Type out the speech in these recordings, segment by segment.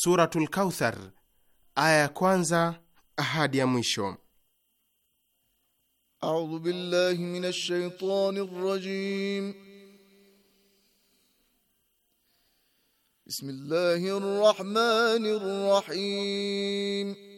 Suratul Kauthar aya ya kwanza hadi ya mwisho. A'udhu billahi minash shaitani rrajim. Bismillahir rahmanir rahim.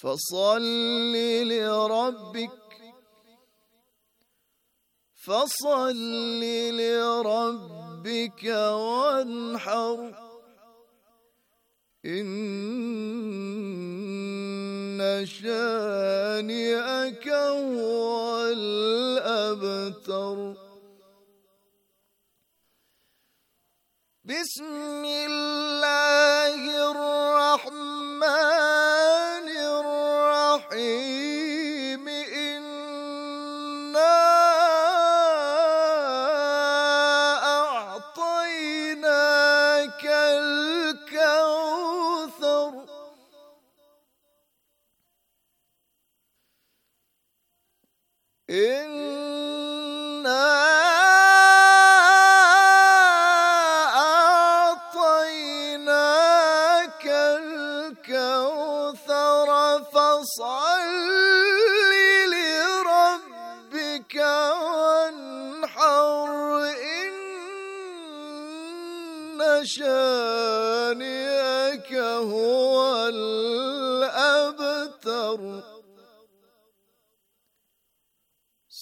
فصل لربك فصل لربك وانحر إن شانئك هو الأبتر بسم الله الرحمن free.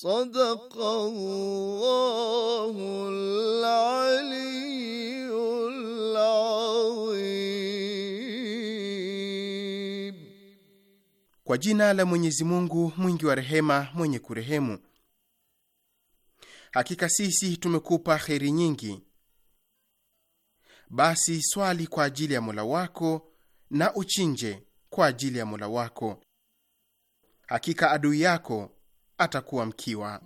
Kwa jina la Mwenyezi Mungu mwingi wa rehema mwenye kurehemu. Hakika sisi tumekupa kheri nyingi, basi swali kwa ajili ya Mola wako na uchinje kwa ajili ya Mola wako. Hakika adui yako atakuwa mkiwa.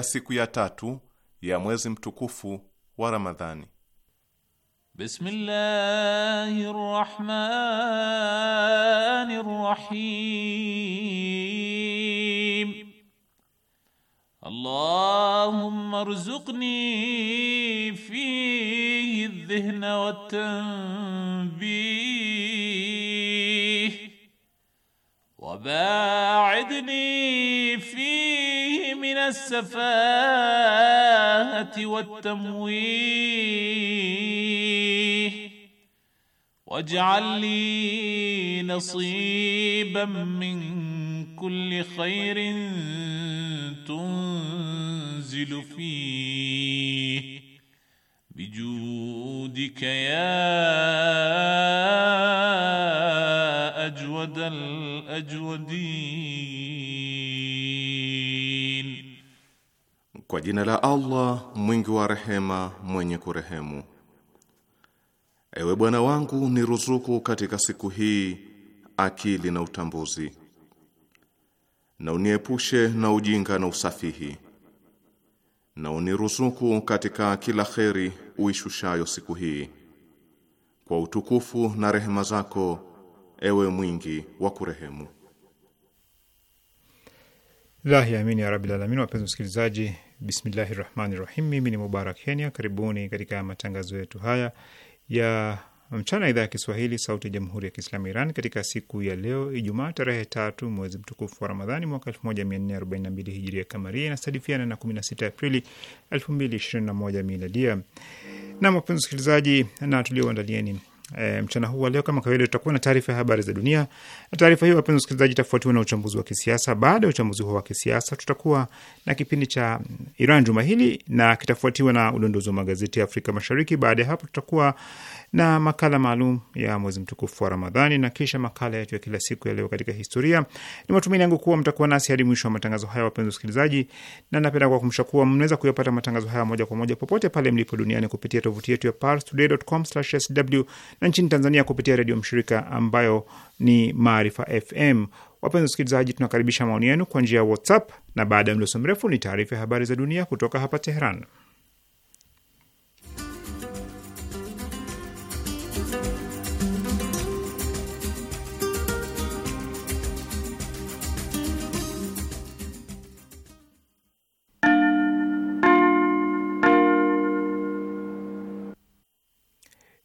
ya siku ya tatu ya mwezi mtukufu wa Ramadhani. Bismillahir Rahmanir Rahim. Allahumma rzuqni fihi dhihna wa tanbih wa ba'idni fihi السفاهة والتمويه واجعل لي نصيبا من كل خير تنزل فيه بجودك يا أجود الأجودين Kwa jina la Allah mwingi wa rehema mwenye kurehemu. Ewe Bwana wangu, niruzuku katika siku hii akili na utambuzi, na uniepushe na ujinga na usafihi, na uniruzuku katika kila kheri uishushayo siku hii, kwa utukufu na rehema zako, ewe mwingi wa kurehemu. Lahi amini ya rabbil alamin. Wapenzi msikilizaji Bismillahi rahmani rahim. Mimi ni Mubarak Kenya, karibuni katika matangazo yetu haya ya mchana, idhaa ya Kiswahili sauti ya jamhuri ya kiislamu Iran, katika siku ya leo Ijumaa tarehe tatu mwezi mtukufu wa Ramadhani mwaka 1442 hijiria kamaria, inasadifiana na 16 Aprili 2021 miladia. Na wapenzi wasikilizaji, na tulioandalieni e, mchana huu wa leo kama kawaida, tutakuwa na taarifa ya habari za dunia, na taarifa hiyo, wapenzi wasikilizaji, itafuatiwa na uchambuzi wa kisiasa. Baada ya uchambuzi huo wa kisiasa, tutakuwa na kipindi cha Iran juma hili na kitafuatiwa na udondozi wa magazeti ya Afrika Mashariki. Baada ya hapo, tutakuwa na makala maalum ya mwezi mtukufu wa Ramadhani na kisha makala yetu ya kila siku ya leo katika historia. Ni matumaini yangu kuwa mtakuwa nasi hadi mwisho wa matangazo haya, wapenzi wasikilizaji, na napenda kuwakumbusha kuwa mnaweza kuyapata matangazo haya moja kwa moja popote pale mlipo duniani kupitia tovuti yetu ya parstoday.com/sw na nchini Tanzania kupitia redio mshirika ambayo ni Maarifa FM. Wapenzi wasikilizaji, tunakaribisha maoni yenu kwa njia ya WhatsApp na baada ya mdoso mrefu ni taarifa ya habari za dunia kutoka hapa Teheran.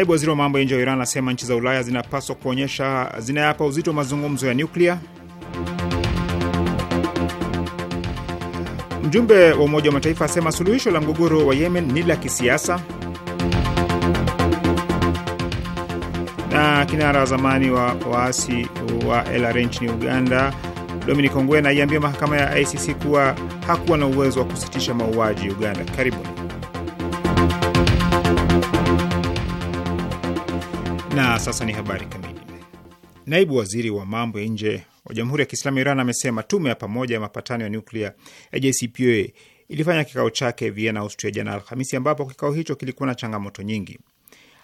Naibu waziri wa mambo ya nje wa Iran anasema nchi za Ulaya zinapaswa kuonyesha zinayapa uzito wa mazungumzo ya nyuklia. Mjumbe wa Umoja wa Mataifa asema suluhisho la mgogoro wa Yemen ni la kisiasa. Na kinara wa zamani wa waasi wa LRA nchini Uganda Dominic Ongwen aiambia mahakama ya ICC kuwa hakuwa na uwezo wa kusitisha mauaji Uganda. Karibuni. Na sasa ni habari kamili. Naibu waziri wa mambo ya nje wa Jamhuri ya Kiislamu ya Iran amesema tume ya pamoja ya mapatano ya nuklia ya JCPOA ilifanya kikao chake Vienna, Austria jana Alhamisi, ambapo kikao hicho kilikuwa na changamoto nyingi.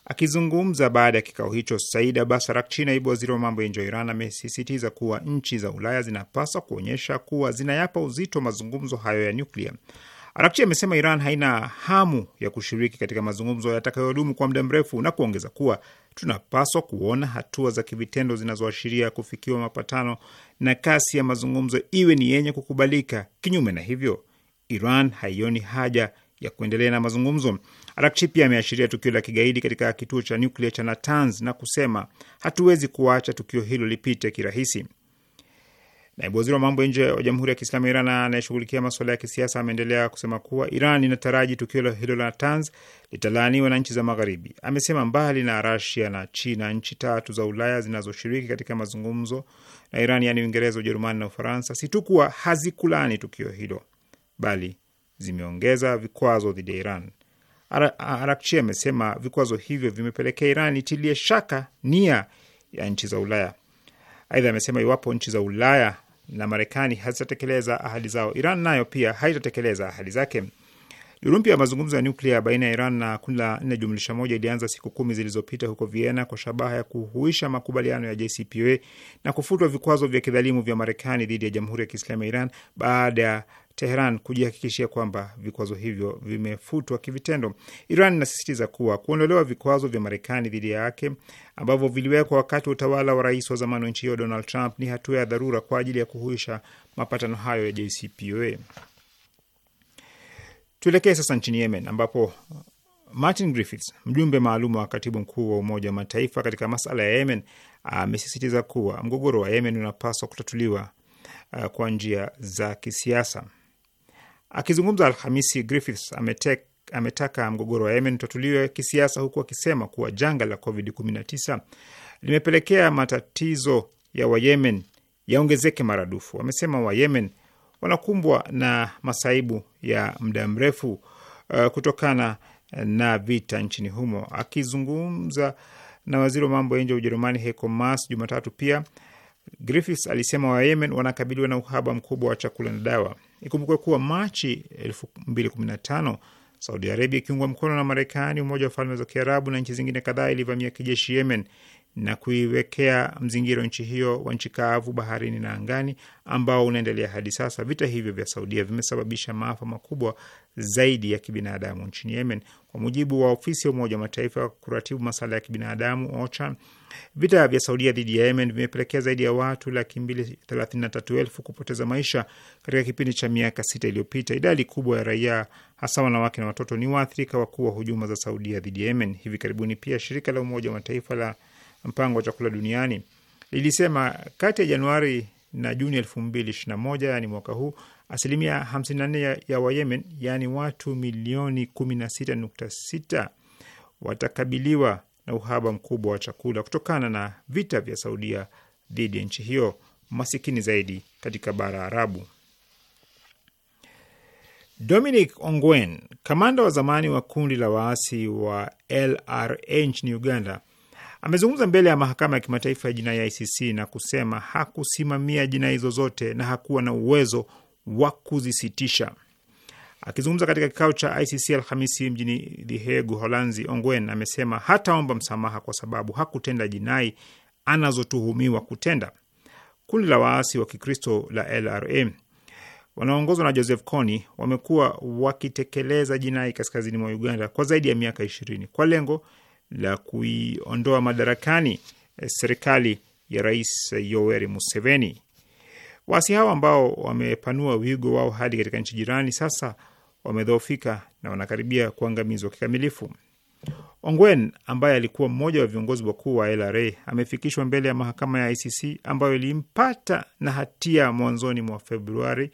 Akizungumza baada ya kikao hicho, Said Abbas Arakchi, naibu waziri wa mambo ya nje wa Iran, amesisitiza kuwa nchi za Ulaya zinapaswa kuonyesha kuwa zinayapa uzito mazungumzo hayo ya nuklia. Arakchi amesema Iran haina hamu ya kushiriki katika mazungumzo yatakayodumu kwa muda mrefu na kuongeza kuwa tunapaswa kuona hatua za kivitendo zinazoashiria kufikiwa mapatano na kasi ya mazungumzo iwe ni yenye kukubalika. Kinyume na hivyo, Iran haioni haja ya kuendelea na mazungumzo. Arakchi pia ameashiria tukio la kigaidi katika kituo cha nyuklia cha Natanz na kusema hatuwezi kuacha tukio hilo lipite kirahisi. Naibu waziri wa mambo ya nje wa Jamhuri ya Kiislamu ya Iran anayeshughulikia masuala ya kisiasa ameendelea kusema kuwa Iran inataraji tukio hilo la Tanz litalaaniwa na nchi za Magharibi. Amesema mbali na Rasia na China, nchi tatu za Ulaya zinazoshiriki katika mazungumzo na Iran, yaani Uingereza, Ujerumani na Ufaransa, si tu kuwa hazikulaani tukio hilo, bali zimeongeza vikwazo dhidi ya Iran. Arakchi amesema vikwazo hivyo vimepelekea Iran itilie shaka nia ya nchi za Ulaya. Aidha amesema iwapo nchi za Ulaya na Marekani hazitatekeleza ahadi zao, Iran nayo pia haitatekeleza ahadi zake. Duru mpya ya mazungumzo ya nyuklia baina ya Iran na kundi la nne jumlisha moja ilianza siku kumi zilizopita huko Vienna kwa shabaha ya kuhuisha makubaliano ya JCPOA na kufutwa vikwazo vya kidhalimu vya Marekani dhidi ya Jamhuri ya Kiislamu ya Iran baada ya Teheran kujihakikishia kwamba vikwazo hivyo vimefutwa kivitendo. Iran inasisitiza kuwa kuondolewa vikwazo vya Marekani dhidi yake ambavyo viliwekwa wakati wa utawala wa rais wa zamani wa nchi hiyo Donald Trump ni hatua ya dharura kwa ajili ya kuhuisha mapatano hayo ya JCPOA. Tuelekee sasa nchini Yemen ambapo Martin Griffiths, mjumbe maalum wa katibu mkuu wa Umoja wa Mataifa katika masala ya Yemen, amesisitiza kuwa mgogoro wa Yemen unapaswa kutatuliwa uh, kwa njia za kisiasa. Akizungumza Alhamisi, Griffiths ametek, ametaka mgogoro wa Yemen utatuliwe kisiasa, huku akisema kuwa janga la COVID-19 limepelekea matatizo ya Wayemen yaongezeke maradufu. Wamesema Wayemen wanakumbwa na masaibu ya muda mrefu uh, kutokana na vita nchini humo. Akizungumza na waziri wa mambo ya nje wa Ujerumani Heiko Maas Jumatatu pia Griffiths alisema Wayemen wanakabiliwa na uhaba mkubwa wa chakula na dawa. Ikumbukwe kuwa Machi 2015 Saudi Arabia ikiungwa mkono na Marekani, Umoja wa Falme za Kiarabu na nchi zingine kadhaa ilivamia kijeshi Yemen na kuiwekea mzingiro nchi hiyo wa nchi kavu, baharini na angani ambao unaendelea hadi sasa. Vita hivyo vya Saudia vimesababisha maafa makubwa zaidi ya kibinadamu nchini Yemen. Kwa mujibu wa ofisi ya Umoja wa Mataifa ya kuratibu masala ya kibinadamu OCHA, vita vya Saudia dhidi ya Yemen vimepelekea zaidi ya watu laki mbili thelathini na tatu elfu kupoteza maisha katika kipindi cha miaka sita iliyopita. Idadi kubwa ya raia, hasa wanawake na watoto, ni waathirika wakuu wa hujuma za Saudia dhidi ya Yemen. Hivi karibuni pia shirika la Umoja wa Mataifa la mpango wa chakula duniani lilisema kati ya Januari na Juni 2021 yani mwaka huu, asilimia 54 ya, ya Wayemen yaani watu milioni 16.6 watakabiliwa na uhaba mkubwa wa chakula kutokana na vita vya Saudia dhidi ya nchi hiyo masikini zaidi katika bara Arabu. Dominic Ongwen, kamanda wa zamani wa kundi la waasi wa LRA nchini Uganda, Amezungumza mbele ya mahakama ya kimataifa ya jinai ya ICC na kusema hakusimamia jinai zozote na hakuwa na uwezo wa kuzisitisha. Akizungumza katika kikao cha ICC Alhamisi mjini The Hague, Holanzi, Ongwen amesema hataomba msamaha kwa sababu hakutenda jinai anazotuhumiwa kutenda. Kundi la waasi wa Kikristo la LRA wanaoongozwa na Joseph Kony wamekuwa wakitekeleza jinai kaskazini mwa Uganda kwa zaidi ya miaka ishirini kwa lengo la kuiondoa madarakani eh, serikali ya Rais Yoweri Museveni. Waasi hao ambao wamepanua wigo wao hadi katika nchi jirani sasa wamedhoofika na wanakaribia kuangamizwa kikamilifu. Ongwen ambaye alikuwa mmoja wa viongozi wakuu wa LRA amefikishwa mbele ya mahakama ya ICC ambayo ilimpata na hatia mwanzoni mwa Februari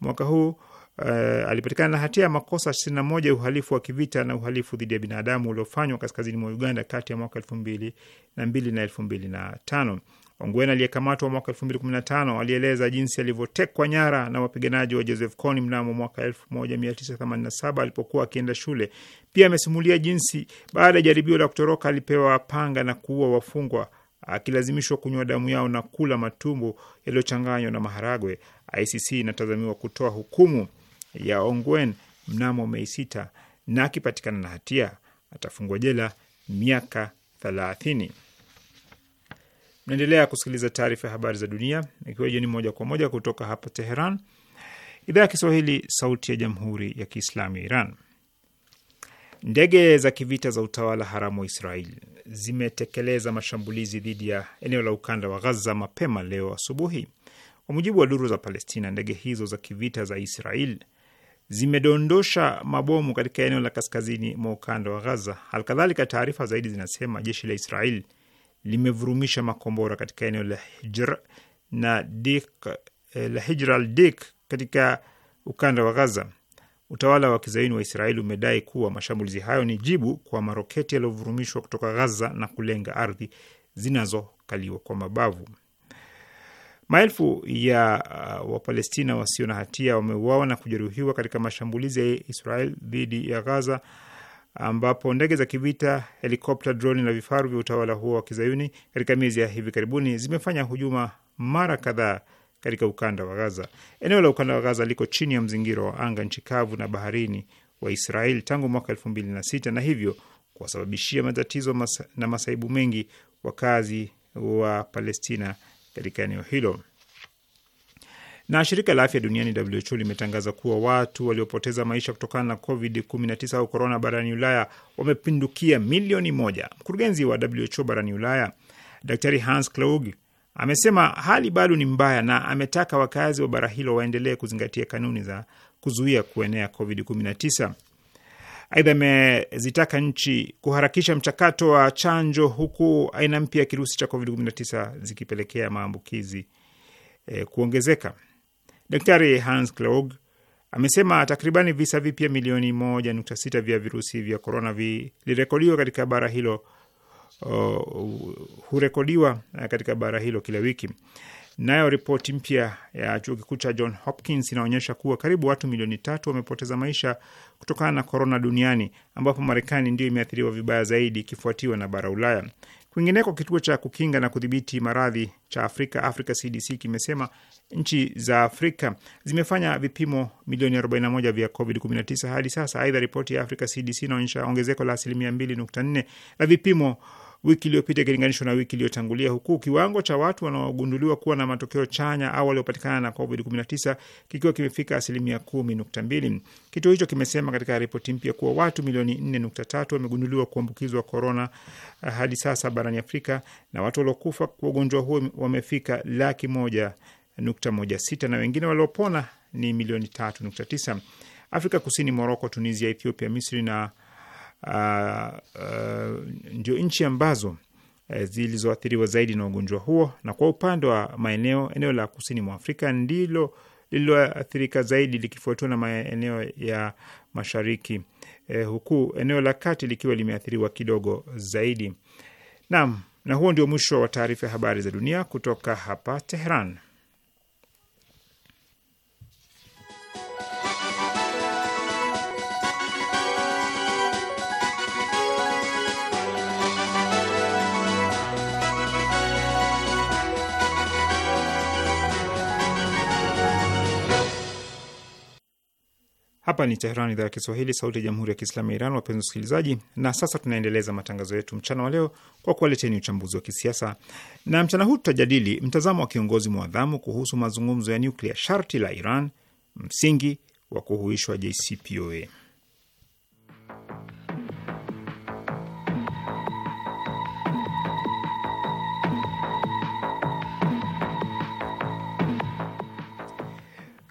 mwaka huu uh, alipatikana na hatia ya makosa 91 ya uhalifu wa kivita na uhalifu dhidi ya binadamu uliofanywa kaskazini mwa Uganda kati ya mwaka 2002 na 2005. Ongwen aliyekamatwa mwaka 2015 alieleza jinsi alivyotekwa nyara na wapiganaji wa Joseph Kony mnamo mwaka 1987 alipokuwa akienda shule. Pia amesimulia jinsi baada ya jaribio la kutoroka alipewa panga na kuua wafungwa akilazimishwa kunywa damu yao na kula matumbo yaliyochanganywa na maharagwe. ICC inatazamiwa kutoa hukumu ya Ongwen mnamo Mei sita na akipatikana na hatia atafungwa jela miaka thelathini. Mnaendelea kusikiliza taarifa ya habari za dunia, ikiwa jioni moja kwa moja kutoka hapa Teheran, idhaa ya Kiswahili, sauti ya jamhuri ya kiislamu ya Iran. Ndege za kivita za utawala haramu wa Israel zimetekeleza mashambulizi dhidi ya eneo la ukanda wa Ghaza mapema leo asubuhi. Kwa mujibu wa duru za Palestina, ndege hizo za kivita za Israel zimedondosha mabomu katika eneo la kaskazini mwa ukanda wa Gaza. Halikadhalika, taarifa zaidi zinasema jeshi la Israel limevurumisha makombora katika eneo la Hijr na Dik, eh, la Hijr al Dik katika ukanda wa Gaza. Utawala wa kizaini wa Israeli umedai kuwa mashambulizi hayo ni jibu kwa maroketi yaliyovurumishwa kutoka Gaza na kulenga ardhi zinazokaliwa kwa mabavu. Maelfu ya uh, Wapalestina wasio na hatia wameuawa na kujeruhiwa katika mashambulizi ya Israel dhidi ya Gaza, ambapo ndege za kivita, helikopta, droni na vifaru vya utawala huo wa kizayuni katika miezi ya hivi karibuni zimefanya hujuma mara kadhaa katika ukanda wa Gaza. Eneo la ukanda wa Gaza liko chini ya mzingiro wa anga, nchi kavu na baharini wa israel tangu mwaka elfu mbili na sita na hivyo kuwasababishia matatizo mas na masaibu mengi wakazi wa Palestina katika eneo hilo. Na shirika la afya duniani WHO limetangaza kuwa watu waliopoteza maisha kutokana na COVID-19 au korona barani Ulaya wamepindukia milioni moja. Mkurugenzi wa WHO barani Ulaya Daktari Hans Kluge amesema hali bado ni mbaya na ametaka wakazi wa bara hilo waendelee kuzingatia kanuni za kuzuia kuenea COVID-19. Aidha, amezitaka nchi kuharakisha mchakato wa chanjo, huku aina mpya ya kirusi cha COVID-19 zikipelekea maambukizi eh, kuongezeka. Daktari Hans Kluge amesema takribani visa vipya milioni 1.6 vya virusi vya korona vilirekodiwa katika bara hilo, uh, hurekodiwa eh, katika bara hilo kila wiki. Nayo ripoti mpya ya chuo kikuu cha John Hopkins inaonyesha kuwa karibu watu milioni tatu wamepoteza maisha kutokana na korona duniani, ambapo Marekani ndiyo imeathiriwa vibaya zaidi ikifuatiwa na bara Ulaya. Kwingineko, kituo cha kukinga na kudhibiti maradhi cha Afrika, Africa CDC, kimesema nchi za Afrika zimefanya vipimo milioni 41 vya COVID-19 hadi sasa. Aidha, ripoti ya Africa CDC inaonyesha ongezeko la asilimia 2.4 la vipimo wiki iliyopita ikilinganishwa na wiki iliyotangulia, huku kiwango cha watu wanaogunduliwa kuwa na matokeo chanya au waliopatikana na COVID-19 kikiwa kimefika asilimia 10.2. Kituo hicho kimesema katika ripoti mpya kuwa watu milioni 4.3 wamegunduliwa kuambukizwa korona eh, hadi sasa barani Afrika na watu waliokufa kwa ugonjwa huo wamefika laki moja nukta moja sita na wengine waliopona ni milioni tatu nukta tisa. Afrika Kusini, Moroko, Tunisia, Ethiopia, Misri na Ah, ah, ndio nchi ambazo eh, zilizoathiriwa zaidi na ugonjwa huo, na kwa upande wa maeneo, eneo la kusini mwa Afrika ndilo lililoathirika zaidi likifuatiwa na maeneo ya mashariki eh, huku eneo la kati likiwa limeathiriwa kidogo zaidi. Naam, na huo ndio mwisho wa taarifa ya habari za dunia kutoka hapa teheran Hapa ni Teheran, idhaa ya Kiswahili, sauti ya jamhuri ya kiislamu ya Iran. Wapenzi wasikilizaji, na sasa tunaendeleza matangazo yetu mchana wa leo kwa kuwaleteni uchambuzi wa kisiasa, na mchana huu tutajadili mtazamo wa kiongozi mwadhamu kuhusu mazungumzo ya nyuklia, sharti la Iran, msingi wa kuhuishwa JCPOA.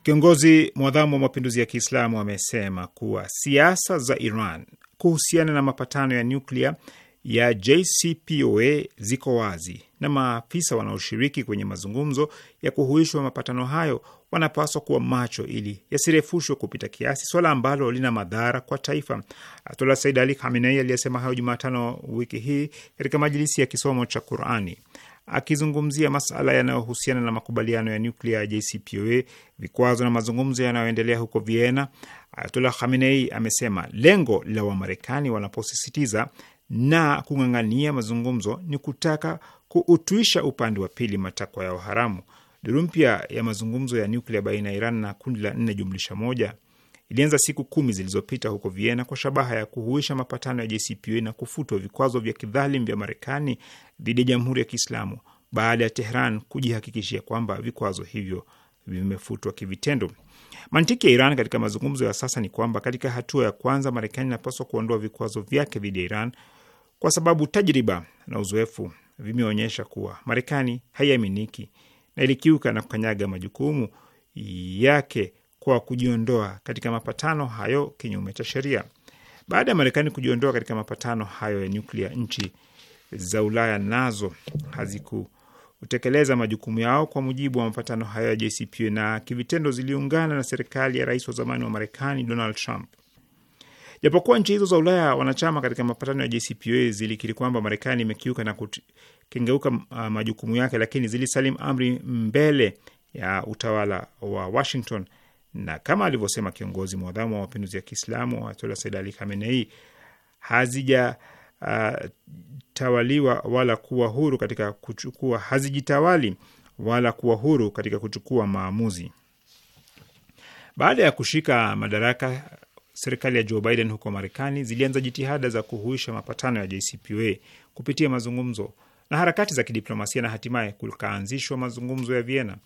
Kiongozi mwadhamu wa mapinduzi ya Kiislamu amesema kuwa siasa za Iran kuhusiana na mapatano ya nyuklia ya JCPOA ziko wazi na maafisa wanaoshiriki kwenye mazungumzo ya kuhuishwa mapatano hayo wanapaswa kuwa macho ili yasirefushwe kupita kiasi, swala ambalo lina madhara kwa taifa. Ayatullah Said Ali Khamenei aliyesema hayo Jumatano wiki hii katika majilisi ya kisomo cha Qurani akizungumzia masala yanayohusiana na makubaliano ya nyuklia ya JCPOA, vikwazo na mazungumzo yanayoendelea huko Vienna, ayatullah Khamenei amesema lengo la Wamarekani wanaposisitiza na kung'ang'ania mazungumzo ni kutaka kuutwisha upande wa pili matakwa yao haramu. Duru mpya ya mazungumzo ya nyuklia baina ya Iran na kundi la nne jumlisha moja ilianza siku kumi zilizopita huko Vienna kwa shabaha ya kuhuisha mapatano ya JCPOA na kufutwa vikwazo vya kidhalimu vya Marekani dhidi ya Jamhuri ya Kiislamu baada ya Tehran kujihakikishia kwamba vikwazo hivyo vimefutwa kivitendo. Mantiki ya Iran katika mazungumzo ya sasa ni kwamba katika hatua ya kwanza, Marekani inapaswa kuondoa vikwazo vyake dhidi ya Iran kwa sababu tajriba na uzoefu vimeonyesha kuwa Marekani haiaminiki na ilikiuka na kukanyaga majukumu yake kwa kujiondoa katika mapatano hayo kinyume cha sheria. Baada ya Marekani kujiondoa katika mapatano hayo ya nyuklia, nchi za Ulaya nazo hazikutekeleza majukumu yao kwa mujibu wa mapatano hayo ya JCPOA na kivitendo ziliungana na serikali ya rais wa zamani wa Marekani Donald Trump. Japokuwa nchi hizo za Ulaya wanachama katika mapatano ya JCPOA zilikiri kwamba Marekani imekiuka na kukengeuka uh, majukumu yake, lakini zilisalim amri mbele ya utawala wa Washington na kama alivyosema kiongozi mwadhamu wa mapinduzi ya Kiislamu Ayatollah Said Ali Khamenei, hazija uh, tawaliwa wala kuwa huru katika kuchukua, hazijitawali wala kuwa huru katika kuchukua maamuzi. Baada ya kushika madaraka, serikali ya Joe Biden huko Marekani zilianza jitihada za kuhuisha mapatano ya JCPOA kupitia mazungumzo na harakati za kidiplomasia na hatimaye kukaanzishwa mazungumzo ya Vienna.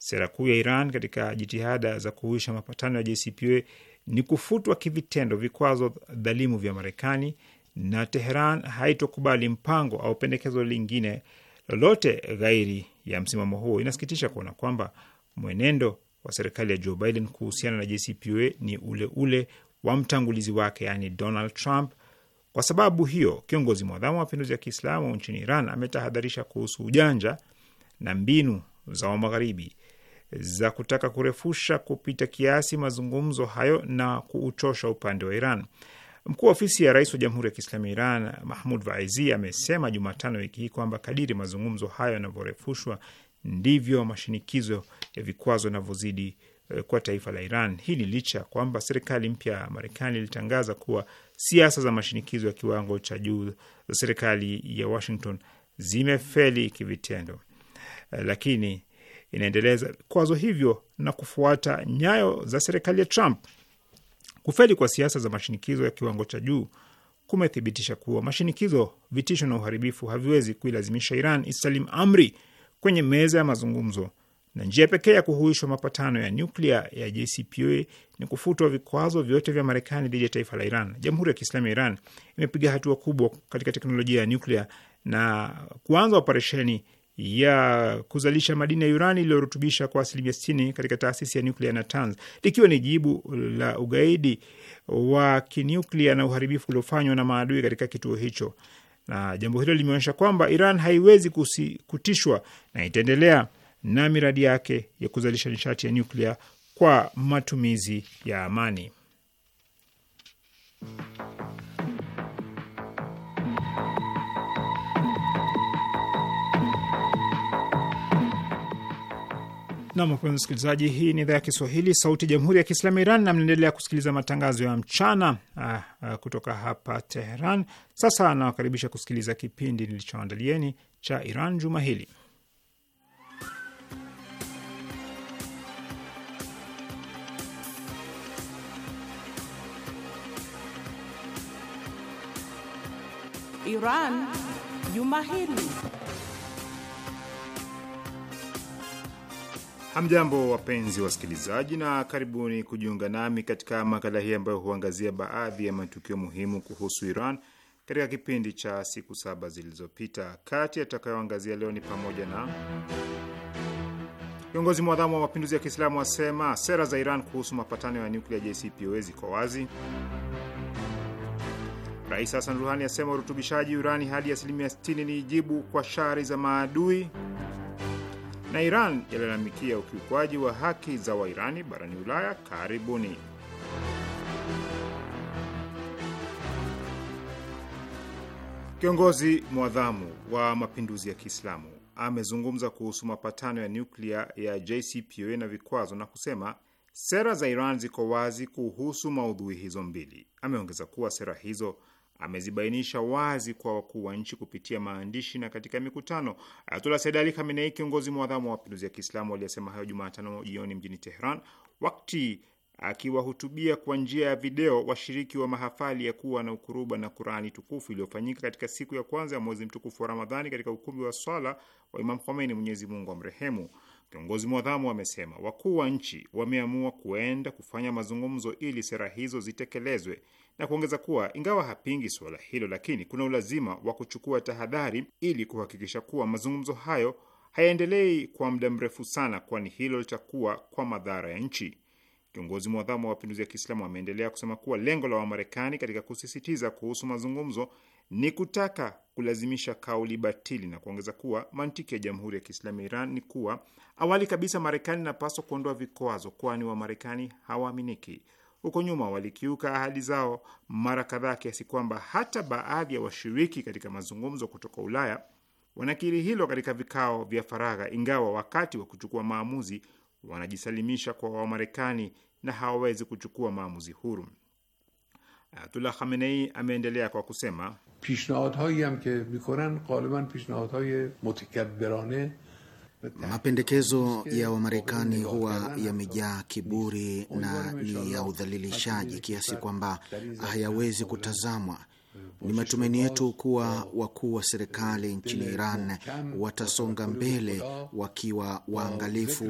Sera kuu ya Iran katika jitihada za kuhuisha mapatano ya JCPOA ni kufutwa kivitendo vikwazo dhalimu vya Marekani, na Teheran haitokubali mpango au pendekezo lingine lolote ghairi ya msimamo huo. Inasikitisha kuona kwamba mwenendo wa serikali ya Joe Biden kuhusiana na JCPOA ni ule ule wa mtangulizi wake, yaani Donald Trump. Kwa sababu hiyo, kiongozi mwadhamu wa mapinduzi ya Kiislamu nchini Iran ametahadharisha kuhusu ujanja na mbinu za Wamagharibi za kutaka kurefusha kupita kiasi mazungumzo hayo na kuuchosha upande wa Iran. Mkuu wa ofisi ya rais wa Jamhuri ya Kiislamu ya Iran Mahmud Vaizi amesema Jumatano wiki hii kwamba kadiri mazungumzo hayo yanavyorefushwa ndivyo mashinikizo ya vikwazo yanavyozidi eh, kwa taifa la Iran. Hii ni licha ya kwamba serikali mpya ya Marekani ilitangaza kuwa siasa za mashinikizo ya kiwango cha juu za serikali ya Washington zimefeli kivitendo, eh, lakini inaendeleza vikwazo hivyo na kufuata nyayo za serikali ya Trump. Kufeli kwa siasa za mashinikizo ya kiwango cha juu kumethibitisha kuwa mashinikizo, vitisho na uharibifu haviwezi kuilazimisha Iran isalim amri kwenye meza ya mazungumzo, na njia pekee ya kuhuishwa mapatano ya nyuklia ya JCPOA ni kufutwa vikwazo vyote vya Marekani dhidi ya taifa la Iran. Jamhuri ya Kiislamu ya Iran imepiga hatua kubwa katika teknolojia ya nyuklia na kuanza operesheni ya kuzalisha madini ya urani iliyorutubisha kwa asilimia sitini katika taasisi ya nuklia na Natanz, likiwa ni jibu la ugaidi wa kinuklia na uharibifu uliofanywa na maadui katika kituo hicho. Na jambo hilo limeonyesha kwamba Iran haiwezi kusikutishwa na itaendelea na miradi yake ya kuzalisha nishati ya nuklia kwa matumizi ya amani. Nam, wapenzi msikilizaji, hii ni idhaa ya Kiswahili sauti ya jamhuri ya kiislamu ya Iran na mnaendelea kusikiliza matangazo ya mchana ah, ah, kutoka hapa Teheran. Sasa anawakaribisha kusikiliza kipindi nilichoandalieni cha Iran juma hili. Iran juma hili Hamjambo, wapenzi wasikilizaji, na karibuni kujiunga nami katika makala hii ambayo huangazia baadhi ya matukio muhimu kuhusu Iran katika kipindi cha siku saba zilizopita. Kati atakayoangazia leo ni pamoja na kiongozi mwadhamu wa mapinduzi ya Kiislamu asema sera za Iran kuhusu mapatano ya nyuklia JCPOA ziko wazi. Rais Hasan Ruhani asema urutubishaji urani hadi asilimia 60 ni jibu kwa shari za maadui na Iran yalalamikia ukiukwaji wa haki za Wairani barani Ulaya karibuni. Kiongozi mwadhamu wa mapinduzi ya Kiislamu amezungumza kuhusu mapatano ya nyuklia ya JCPOA na vikwazo na kusema sera za Iran ziko wazi kuhusu maudhui hizo mbili. Ameongeza kuwa sera hizo amezibainisha wazi kwa wakuu wa nchi kupitia maandishi na katika mikutano. Ayatullah Said Ali Khamenei, kiongozi mwadhamu wa mapinduzi ya Kiislamu, aliyesema hayo Jumatano jioni mjini Tehran wakati akiwahutubia kwa njia ya video washiriki wa mahafali ya kuwa na ukuruba na Kurani tukufu iliyofanyika katika siku ya kwanza ya mwezi mtukufu wa Ramadhani katika ukumbi wa swala wa Imam Khomeini, Mwenyezi Mungu amrehemu. Kiongozi mwadhamu amesema wakuu wa nchi wameamua kuenda kufanya mazungumzo ili sera hizo zitekelezwe na kuongeza kuwa ingawa hapingi suala hilo, lakini kuna ulazima wa kuchukua tahadhari ili kuhakikisha kuwa mazungumzo hayo hayaendelei kwa muda mrefu sana, kwani hilo litakuwa kwa madhara ya nchi. Kiongozi mwadhamu wa mapinduzi ya Kiislamu ameendelea kusema kuwa lengo la Wamarekani katika kusisitiza kuhusu mazungumzo ni kutaka kulazimisha kauli batili, na kuongeza kuwa mantiki ya Jamhuri ya Kiislamu ya Iran ni kuwa awali kabisa Marekani inapaswa kuondoa vikwazo, kwani Wamarekani hawaaminiki huko nyuma walikiuka ahadi zao mara kadhaa kiasi kwamba hata baadhi ya washiriki katika mazungumzo kutoka Ulaya wanakiri hilo katika vikao vya faragha, ingawa wakati wa kuchukua maamuzi wanajisalimisha kwa Wamarekani na hawawezi kuchukua maamuzi huru. Ayatullah Khamenei ameendelea kwa kusema pishnahadhai am ke mikonan ghaliban pishnahadhai mutakabbirane Mapendekezo ya Wamarekani huwa yamejaa kiburi na ni ya udhalilishaji kiasi kwamba hayawezi kutazamwa. Uh, ni matumaini yetu kuwa wakuu wa serikali nchini Iran watasonga mbele wakiwa waangalifu,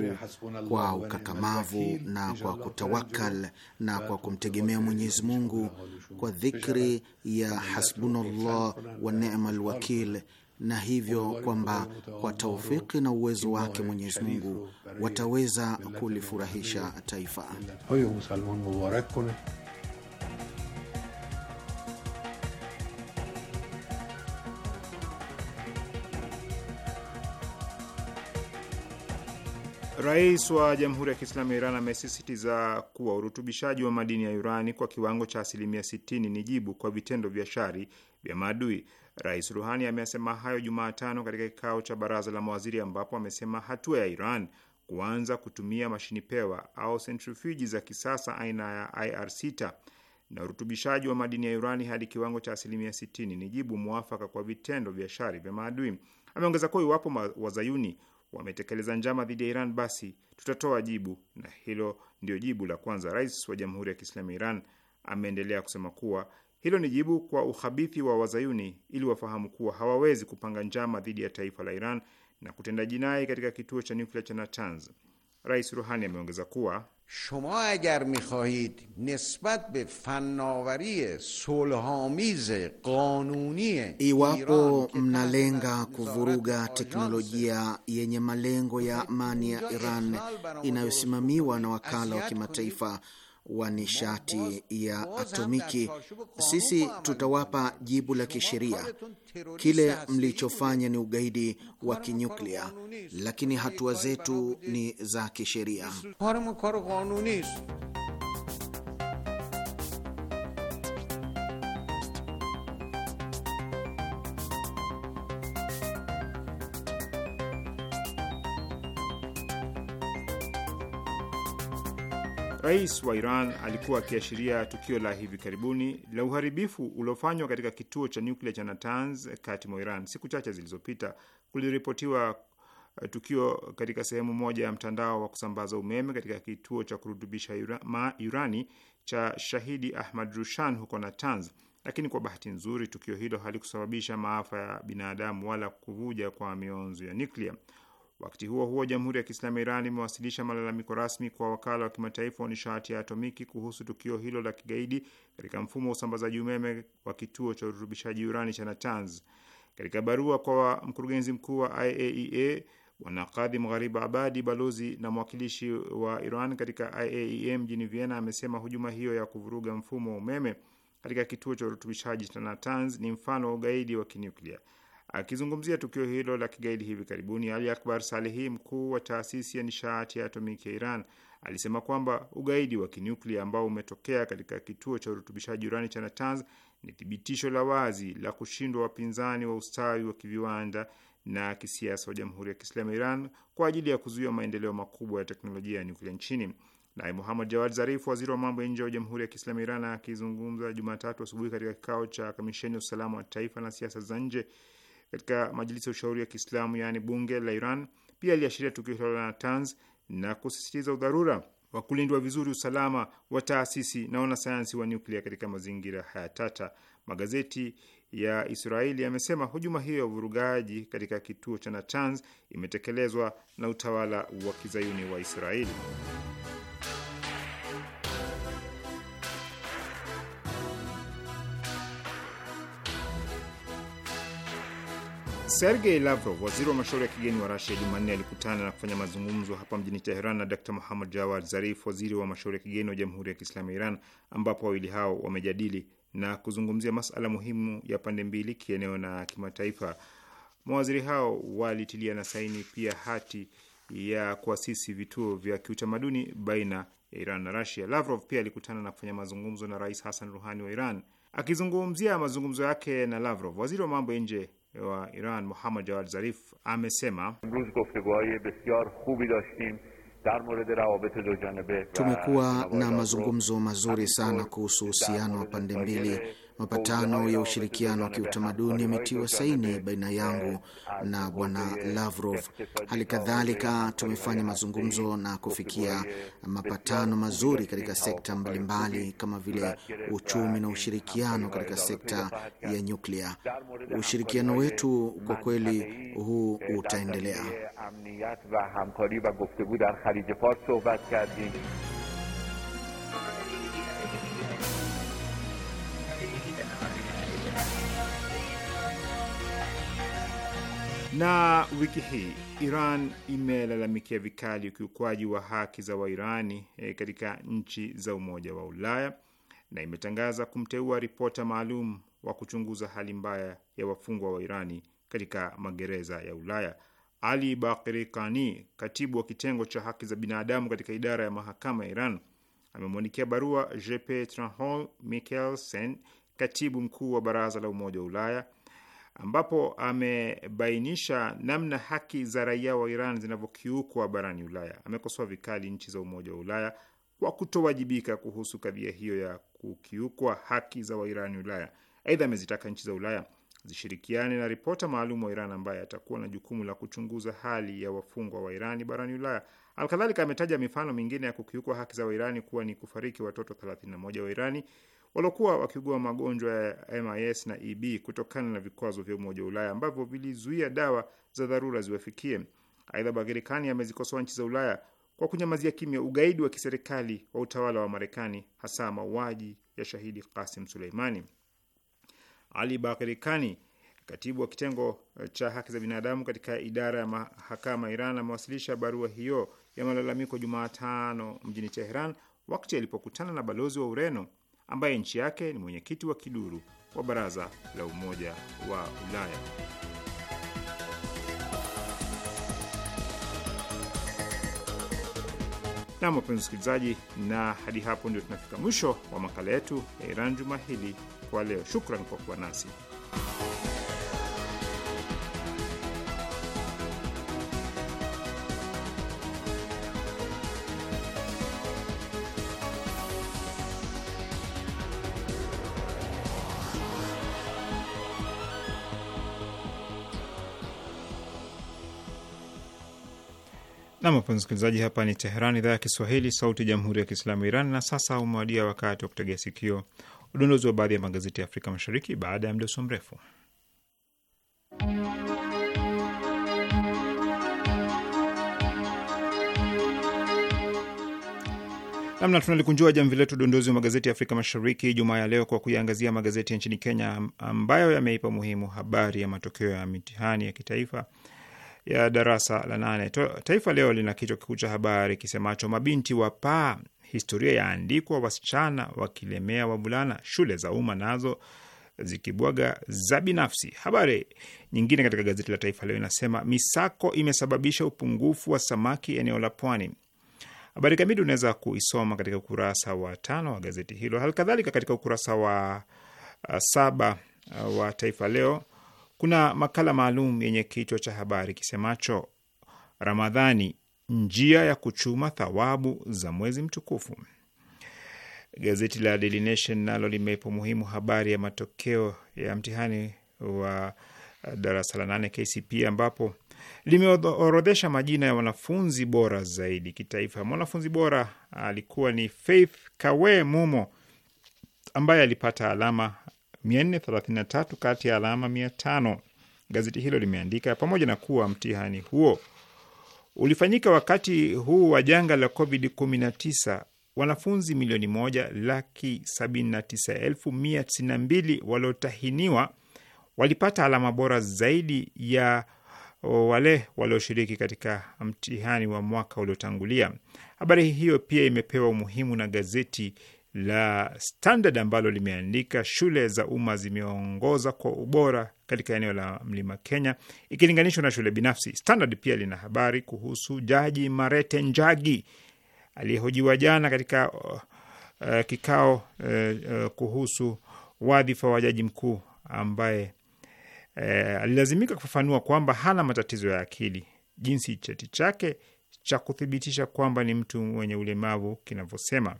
kwa ukakamavu na kwa kutawakal na kwa kumtegemea Mwenyezi Mungu, kwa dhikri ya hasbunallah wa ni'mal wakil na hivyo kwamba kwa taufiki na uwezo wake Mwenyezi Mungu wataweza kulifurahisha taifa. Rais wa Jamhuri ya Kiislamu ya Iran amesisitiza kuwa urutubishaji wa madini ya urani kwa kiwango cha asilimia 60 ni jibu kwa vitendo vya shari vya maadui. Rais Ruhani amesema hayo Jumatano katika kikao cha baraza la mawaziri ambapo amesema hatua ya Iran kuanza kutumia mashini pewa au sentrifuji za kisasa aina ya IR6 na urutubishaji wa madini ya urani hadi kiwango cha asilimia 60 ni jibu mwafaka kwa vitendo vya shari vya maadui. Ameongeza kuwa iwapo wazayuni wametekeleza njama dhidi ya Iran, basi tutatoa jibu, na hilo ndio jibu la kwanza. Rais wa Jamhuri ya Kiislamu ya Iran ameendelea kusema kuwa hilo ni jibu kwa uhabithi wa wazayuni ili wafahamu kuwa hawawezi kupanga njama dhidi ya taifa la Iran na kutenda jinai katika kituo cha nyuklia cha Natanz. Rais Ruhani ameongeza kuwa shoma agar mikhahid nisbat be fannawari e sulhamiz qanuni, e iwapo mnalenga kuvuruga e teknolojia yenye malengo ya amani ya Iran inayosimamiwa na wakala wa kimataifa wa nishati ya atomiki, sisi tutawapa jibu la kisheria. Kile mlichofanya ni ugaidi wa kinyuklia, lakini hatua zetu ni za kisheria. Rais wa Iran alikuwa akiashiria tukio la hivi karibuni la uharibifu uliofanywa katika kituo cha nyuklia cha Natanz kati mwa Iran. Siku chache zilizopita kuliripotiwa eh, tukio katika sehemu moja ya mtandao wa kusambaza umeme katika kituo cha kurutubisha urani cha Shahidi Ahmad Rushan huko Natanz, lakini kwa bahati nzuri tukio hilo halikusababisha maafa ya binadamu wala kuvuja kwa mionzo ya nyuklia. Wakati huo huo, Jamhuri ya Kiislamu ya Iran imewasilisha malalamiko rasmi kwa wakala wa kimataifa wa nishati ya atomiki kuhusu tukio hilo la kigaidi katika mfumo wa usambazaji umeme wa kituo cha urutubishaji urani cha Natanz. Katika barua kwa mkurugenzi mkuu wa IAEA e Bwana Kadhim Mughariba Abadi, balozi na mwakilishi wa Iran katika IAEA e mjini Vienna, amesema hujuma hiyo ya kuvuruga mfumo wa umeme katika kituo cha urutubishaji cha Natanz ni mfano wa ugaidi wa kinuklia. Akizungumzia tukio hilo la kigaidi hivi karibuni, Ali Akbar Salehi, mkuu wa taasisi ya nishati ya atomiki ya Iran, alisema kwamba ugaidi wa kinuklia ambao umetokea katika kituo cha urutubishaji urani cha Natanz ni thibitisho la wazi la kushindwa wapinzani wa ustawi wa kiviwanda na kisiasa wa Jamhuri ya Kiislamu ya Iran kwa ajili ya kuzuia maendeleo makubwa ya teknolojia ya nyuklia nchini. Naye Muhammad Jawad Zarif, waziri wa mambo ya nje wa Jamhuri ya Kiislamu ya Iran, akizungumza Jumatatu asubuhi katika kikao cha kamisheni ya usalama wa taifa na siasa za nje katika Majilisi ya Ushauri ya Kiislamu, yaani bunge la Iran. Pia aliashiria tukio hilo la Natanz na kusisitiza udharura wa kulindwa vizuri usalama wa taasisi na wanasayansi wa nyuklia katika mazingira haya tata. Magazeti ya Israeli yamesema hujuma hiyo ya uvurugaji katika kituo cha Natanz imetekelezwa na utawala wa kizayuni wa Israeli. Sergei Lavrov, waziri wa mashauri ya kigeni wa Rasia, Jumanne alikutana na kufanya mazungumzo hapa mjini Teheran na Dr Muhammad Jawad Zarif, waziri wa mashauri ya kigeni wa Jamhuri ya Kiislamu ya Iran, ambapo wawili hao wamejadili na kuzungumzia masala muhimu ya pande mbili, kieneo na kimataifa. Mawaziri hao walitilia na saini pia hati ya kuasisi vituo vya kiutamaduni baina ya Iran na Rasia. Lavrov pia alikutana na kufanya mazungumzo na Rais Hassan Ruhani wa Iran. Akizungumzia mazungumzo yake na Lavrov, waziri wa mambo ya nje wa Iran Muhammad Jawad Zarif amesema tumekuwa na mazungumzo mazuri sana kuhusu uhusiano wa pande mbili Mapatano ya ushirikiano wa kiutamaduni yametiwa saini baina yangu na Bwana Lavrov. Hali kadhalika tumefanya mazungumzo na kufikia mapatano mazuri katika sekta mbalimbali kama vile uchumi na ushirikiano katika sekta ya nyuklia. Ushirikiano wetu kwa kweli huu utaendelea. Na wiki hii Iran imelalamikia vikali ukiukwaji wa haki za Wairani e, katika nchi za Umoja wa Ulaya na imetangaza kumteua ripota maalum wa kuchunguza hali mbaya ya wafungwa wa Irani katika magereza ya Ulaya. Ali Bakiri Kani, katibu wa kitengo cha haki za binadamu katika idara ya mahakama ya Iran, amemwandikia barua JP Tranhol Mikkelsen, katibu mkuu wa baraza la Umoja wa Ulaya ambapo amebainisha namna haki za raia wa Iran zinavyokiukwa barani Ulaya. Amekosoa vikali nchi za Umoja wa Ulaya kwa kutowajibika kuhusu kadhia hiyo ya kukiukwa haki za Wairani Ulaya. Aidha, amezitaka nchi za Ulaya zishirikiane na ripota maalum wa Iran ambaye atakuwa na jukumu la kuchunguza hali ya wafungwa wa Irani barani Ulaya. Alkadhalika ametaja mifano mingine ya kukiukwa haki za Wairani kuwa ni kufariki watoto 31 wa Irani, waliokuwa wakiugua magonjwa ya MIS na EB kutokana na vikwazo vya Umoja wa Ulaya ambavyo vilizuia dawa za dharura ziwafikie. Aidha, Bagirikani amezikosoa nchi za Ulaya kwa kunyamazia kimya ugaidi wa kiserikali wa utawala wa Marekani, hasa mauaji ya shahidi Kasim Suleimani. Ali Bagirikani, katibu wa kitengo eh, cha haki za binadamu katika idara ya mahakama Iran, amewasilisha barua hiyo ya malalamiko Jumatano mjini Teheran wakati alipokutana na balozi wa Ureno ambaye nchi yake ni mwenyekiti wa kiduru wa baraza la Umoja wa Ulaya. Nam, wapenzi usikilizaji na hadi hapo ndio tunafika mwisho wa makala yetu ya Iran juma hili kwa leo. Shukran kwa kuwa nasi. Nam, wapenzi msikilizaji, hapa ni Teheran, idhaa ya Kiswahili, sauti ya jamhuri ya kiislamu ya Iran. Na sasa umewadia wakati wa kutegea sikio udondozi wa baadhi ya magazeti ya Afrika Mashariki baada ya mdoso mrefu. Namna tunalikunjua jamvi letu udondozi wa magazeti ya Afrika Mashariki Jumaa ya leo kwa kuiangazia magazeti ya nchini Kenya ambayo yameipa muhimu habari ya matokeo ya mitihani ya kitaifa ya darasa la nane. Taifa Leo lina kichwa kikuu cha habari kisemacho mabinti wa paa, historia yaandikwa, wasichana wakilemea wavulana, shule za umma nazo zikibwaga za binafsi. Habari nyingine katika gazeti la Taifa Leo inasema misako imesababisha upungufu wa samaki eneo la pwani. Habari kamili unaweza kuisoma katika ukurasa wa tano wa gazeti hilo. Halikadhalika katika ukurasa wa uh, saba uh, wa Taifa Leo kuna makala maalum yenye kichwa cha habari kisemacho Ramadhani, njia ya kuchuma thawabu za mwezi mtukufu. Gazeti la Daily Nation nalo limeipa muhimu habari ya matokeo ya mtihani wa darasa la nane kcp ambapo limeorodhesha majina ya wanafunzi bora zaidi kitaifa. Mwanafunzi bora alikuwa ni Faith Kawe Mumo ambaye alipata alama 433 kati ya alama 500. Gazeti hilo limeandika pamoja na kuwa mtihani huo ulifanyika wakati huu wa janga la COVID-19, wanafunzi milioni moja laki sabini mbili waliotahiniwa walipata alama bora zaidi ya wale walioshiriki katika mtihani wa mwaka uliotangulia. Habari hiyo pia imepewa umuhimu na gazeti la Standard ambalo limeandika shule za umma zimeongoza kwa ubora katika eneo la mlima Kenya ikilinganishwa na shule binafsi. Standard pia lina habari kuhusu Jaji Marete Njagi aliyehojiwa jana katika uh, uh, kikao uh, uh, kuhusu wadhifa wa jaji mkuu ambaye uh, alilazimika kufafanua kwamba hana matatizo ya akili, jinsi cheti chake cha kuthibitisha kwamba ni mtu mwenye ulemavu kinavyosema.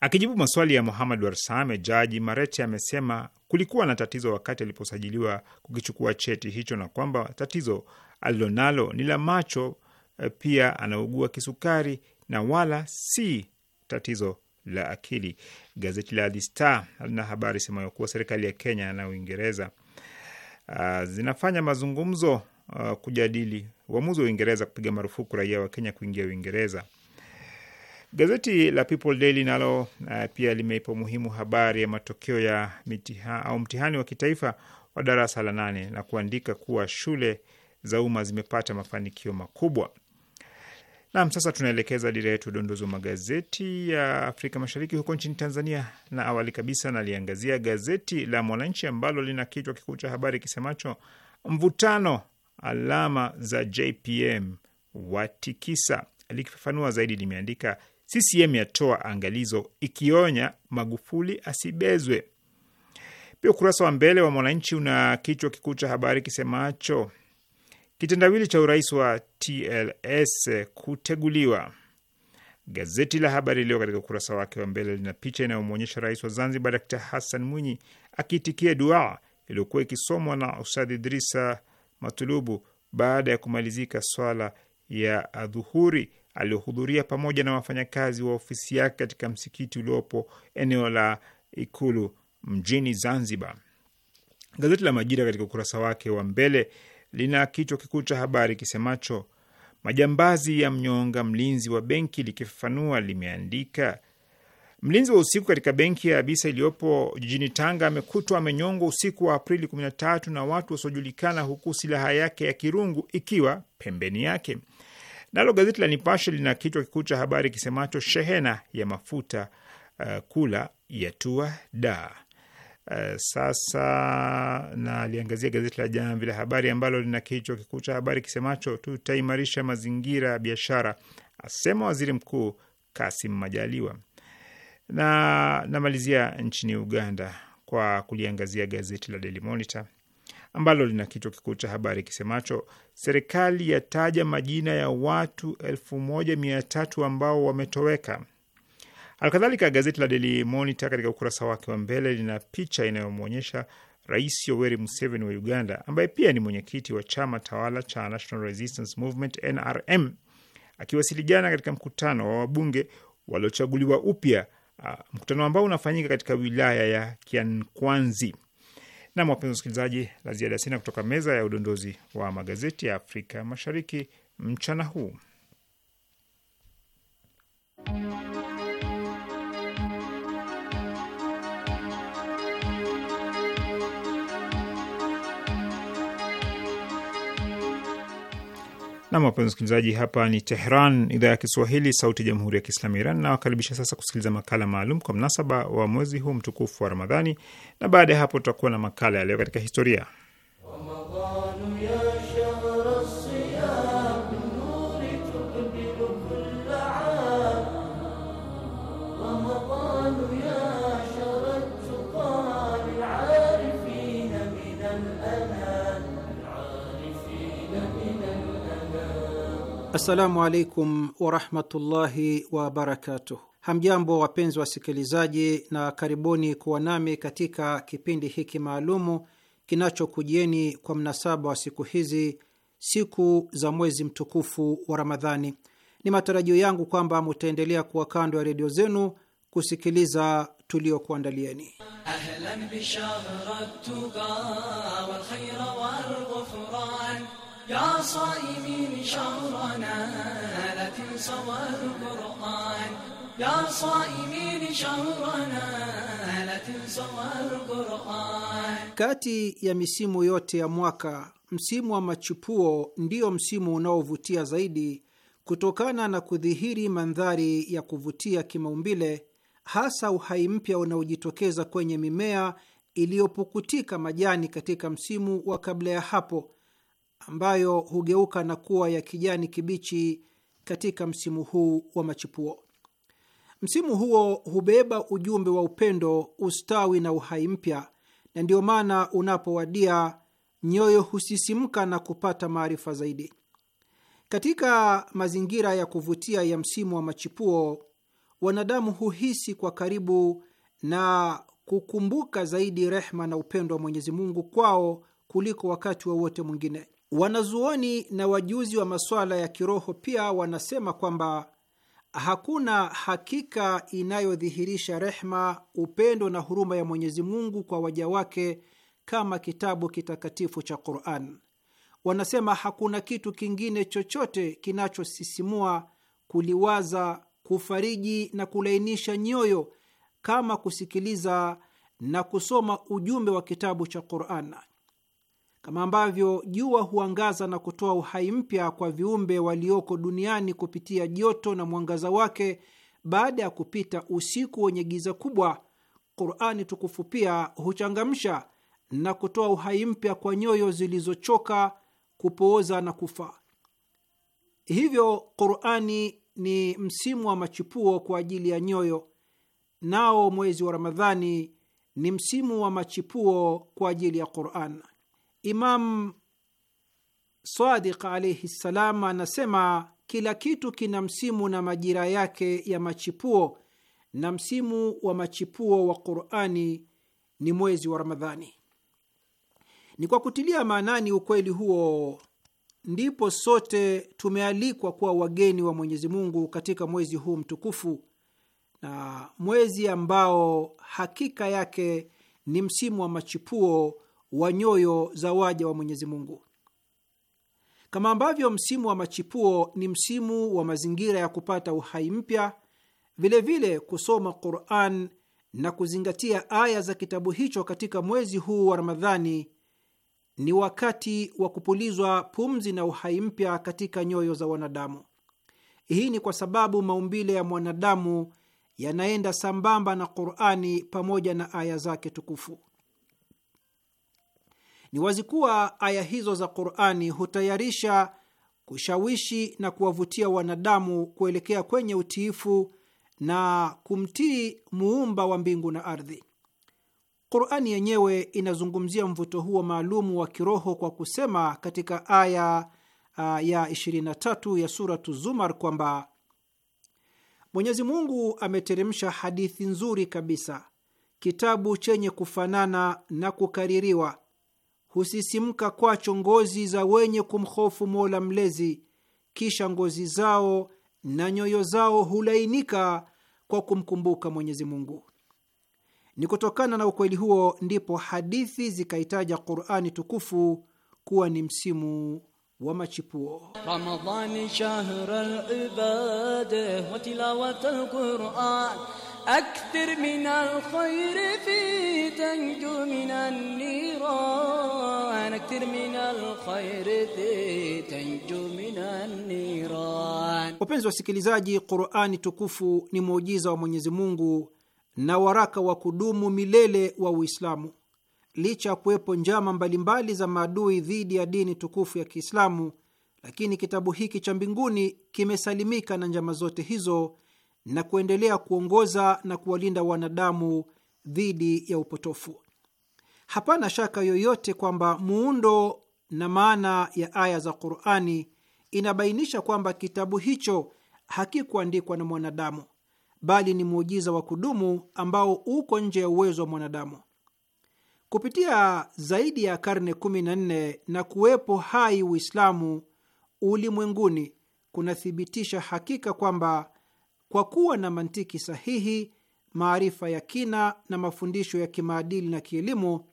Akijibu maswali ya Mohamed Warsame, Jaji Mareti amesema kulikuwa na tatizo wakati aliposajiliwa kukichukua cheti hicho na kwamba tatizo alilonalo ni la macho, eh, pia anaugua kisukari na wala si tatizo la akili. Gazeti la The Star lina habari semayo kuwa serikali ya Kenya na Uingereza uh, zinafanya mazungumzo uh, kujadili uamuzi wa Uingereza kupiga marufuku raia wa Kenya kuingia Uingereza. Gazeti la People Daily nalo uh, pia limeipa umuhimu habari ya matokeo ya mitiha, au mtihani wa kitaifa wa darasa la nane na kuandika kuwa shule za umma zimepata mafanikio makubwa. Nam, sasa tunaelekeza dira yetu udondozi wa magazeti ya Afrika Mashariki huko nchini Tanzania, na awali kabisa naliangazia gazeti la Mwananchi ambalo lina kichwa kikuu cha habari kisemacho mvutano alama za JPM watikisa. Likifafanua zaidi limeandika CCM yatoa angalizo ikionya Magufuli asibezwe. Pia ukurasa wa mbele wa Mwananchi una kichwa kikuu cha habari kisemacho kitendawili cha urais wa TLS kuteguliwa. Gazeti la Habari Leo katika ukurasa wake wa mbele lina picha inayomwonyesha rais wa Zanzibar Dkt Hassan Mwinyi akiitikia dua iliyokuwa ikisomwa na Ustadh Idrisa Matulubu baada ya kumalizika swala ya adhuhuri aliohudhuria pamoja na wafanyakazi wa ofisi yake katika msikiti uliopo eneo la Ikulu mjini Zanzibar. Gazeti la Majira katika ukurasa wake wa mbele lina kichwa kikuu cha habari kisemacho majambazi ya mnyonga mlinzi wa benki, likifafanua limeandika mlinzi wa usiku katika benki ya Abisa iliyopo jijini Tanga amekutwa amenyongwa usiku wa Aprili 13 na watu wasiojulikana, huku silaha yake ya kirungu ikiwa pembeni yake. Nalo gazeti la Nipashe lina kichwa kikuu cha habari kisemacho shehena ya mafuta uh, kula yatua da. Uh, sasa naliangazia gazeti la Jamvi la Habari ambalo lina kichwa kikuu cha habari kisemacho tutaimarisha mazingira ya biashara, asema waziri mkuu Kasim Majaliwa. Na namalizia nchini Uganda kwa kuliangazia gazeti la Daily Monitor ambalo lina kichwa kikuu cha habari kisemacho serikali yataja majina ya watu elfu moja mia tatu ambao wametoweka. Alkadhalika, gazeti la Daily Monitor katika ukurasa wake wa mbele lina picha inayomwonyesha Rais Yoweri Museveni wa Uganda, ambaye pia ni mwenyekiti wa chama tawala cha National Resistance Movement, NRM, akiwasili jana katika mkutano wa wabunge waliochaguliwa upya, mkutano ambao unafanyika katika wilaya ya Kiankwanzi. Na wapenzi wasikilizaji, la ziada sina kutoka meza ya udondozi wa magazeti ya Afrika Mashariki mchana huu. Nam, wapenzi msikilizaji, hapa ni Tehran, idhaa ya Kiswahili, sauti ya jamhuri ya kiislamu ya Iran. Nawakaribisha sasa kusikiliza makala maalum kwa mnasaba wa mwezi huu mtukufu wa Ramadhani, na baada ya hapo tutakuwa na makala ya leo katika historia Ramadhanu. Assalamu alaikum warahmatullahi wabarakatuh. Hamjambo wapenzi wasikilizaji, na karibuni kuwa nami katika kipindi hiki maalumu kinachokujieni kwa mnasaba wa siku hizi, siku za mwezi mtukufu wa Ramadhani. Ni matarajio yangu kwamba mutaendelea kuwa kando ya redio zenu kusikiliza tuliokuandalieni. Kati ya misimu yote ya mwaka, msimu wa machipuo ndiyo msimu unaovutia zaidi kutokana na kudhihiri mandhari ya kuvutia kimaumbile, hasa uhai mpya unaojitokeza kwenye mimea iliyopukutika majani katika msimu wa kabla ya hapo ambayo hugeuka na kuwa ya kijani kibichi katika msimu huu wa machipuo. Msimu huo hubeba ujumbe wa upendo, ustawi na uhai mpya, na ndiyo maana unapowadia nyoyo husisimka na kupata maarifa zaidi. Katika mazingira ya kuvutia ya msimu wa machipuo, wanadamu huhisi kwa karibu na kukumbuka zaidi rehma na upendo wa Mwenyezi Mungu kwao kuliko wakati wowote wa mwingine. Wanazuoni na wajuzi wa masuala ya kiroho pia wanasema kwamba hakuna hakika inayodhihirisha rehma, upendo na huruma ya Mwenyezi Mungu kwa waja wake kama kitabu kitakatifu cha Quran. Wanasema hakuna kitu kingine chochote kinachosisimua, kuliwaza, kufariji na kulainisha nyoyo kama kusikiliza na kusoma ujumbe wa kitabu cha Quran kama ambavyo jua huangaza na kutoa uhai mpya kwa viumbe walioko duniani kupitia joto na mwangaza wake baada ya kupita usiku wenye giza kubwa, Qurani tukufu pia huchangamsha na kutoa uhai mpya kwa nyoyo zilizochoka, kupooza na kufa. Hivyo Qurani ni msimu wa machipuo kwa ajili ya nyoyo, nao mwezi wa Ramadhani ni msimu wa machipuo kwa ajili ya Qurani. Imam Sadiq alaihi ssalam anasema kila kitu kina msimu na majira yake ya machipuo, na msimu wa machipuo wa Qurani ni mwezi wa Ramadhani. Ni kwa kutilia maanani ukweli huo ndipo sote tumealikwa kuwa wageni wa Mwenyezi Mungu katika mwezi huu mtukufu, na mwezi ambao hakika yake ni msimu wa machipuo wa nyoyo za waja wa Mwenyezi Mungu. Kama ambavyo msimu wa machipuo ni msimu wa mazingira ya kupata uhai mpya, vilevile kusoma Quran na kuzingatia aya za kitabu hicho katika mwezi huu wa Ramadhani ni wakati wa kupulizwa pumzi na uhai mpya katika nyoyo za wanadamu. Hii ni kwa sababu maumbile ya mwanadamu yanaenda sambamba na Qurani pamoja na aya zake tukufu. Ni wazi kuwa aya hizo za Qur'ani hutayarisha, kushawishi na kuwavutia wanadamu kuelekea kwenye utiifu na kumtii muumba wa mbingu na ardhi. Qur'ani yenyewe inazungumzia mvuto huo maalumu wa kiroho kwa kusema katika aya ya 23 ya suratu Zumar kwamba Mwenyezi Mungu ameteremsha hadithi nzuri kabisa, kitabu chenye kufanana na kukaririwa husisimka kwacho ngozi za wenye kumhofu Mola Mlezi, kisha ngozi zao na nyoyo zao hulainika kwa kumkumbuka Mwenyezi Mungu. Ni kutokana na ukweli huo ndipo hadithi zikaitaja Qur'ani tukufu kuwa ni msimu wa machipuo. Ramadhani ibada wa quran أكثر من الخير في تنجو من النيران أكثر من الخير في تنجو من النيران Wapenzi wasikilizaji, Qur'ani tukufu ni muujiza wa Mwenyezi Mungu na waraka wa kudumu milele wa Uislamu. Licha ya kuwepo njama mbalimbali za maadui dhidi ya dini tukufu ya Kiislamu, lakini kitabu hiki cha mbinguni kimesalimika na njama zote hizo na kuendelea kuongoza na kuwalinda wanadamu dhidi ya upotofu. Hapana shaka yoyote kwamba muundo na maana ya aya za Qur'ani inabainisha kwamba kitabu hicho hakikuandikwa na mwanadamu, bali ni muujiza wa kudumu ambao uko nje ya uwezo wa mwanadamu. Kupitia zaidi ya karne 14 na kuwepo hai Uislamu ulimwenguni kunathibitisha hakika kwamba kwa kuwa na mantiki sahihi, maarifa ya kina na mafundisho ya kimaadili na kielimu,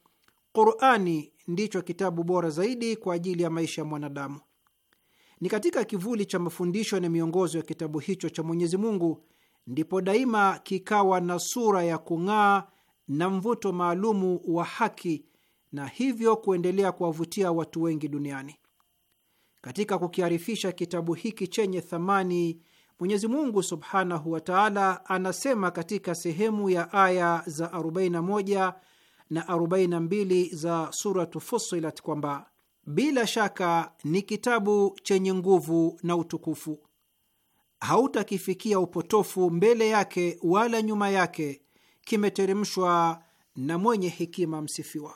Qurani ndicho kitabu bora zaidi kwa ajili ya maisha ya mwanadamu. Ni katika kivuli cha mafundisho na miongozo ya kitabu hicho cha Mwenyezi Mungu ndipo daima kikawa na sura ya kung'aa na mvuto maalumu wa haki, na hivyo kuendelea kuwavutia watu wengi duniani. Katika kukiarifisha kitabu hiki chenye thamani Mwenyezi Mungu subhanahu wa taala anasema katika sehemu ya aya za 41 na 42 za Suratu Fusilat kwamba bila shaka ni kitabu chenye nguvu na utukufu, hautakifikia upotofu mbele yake wala nyuma yake, kimeteremshwa na mwenye hekima msifiwa.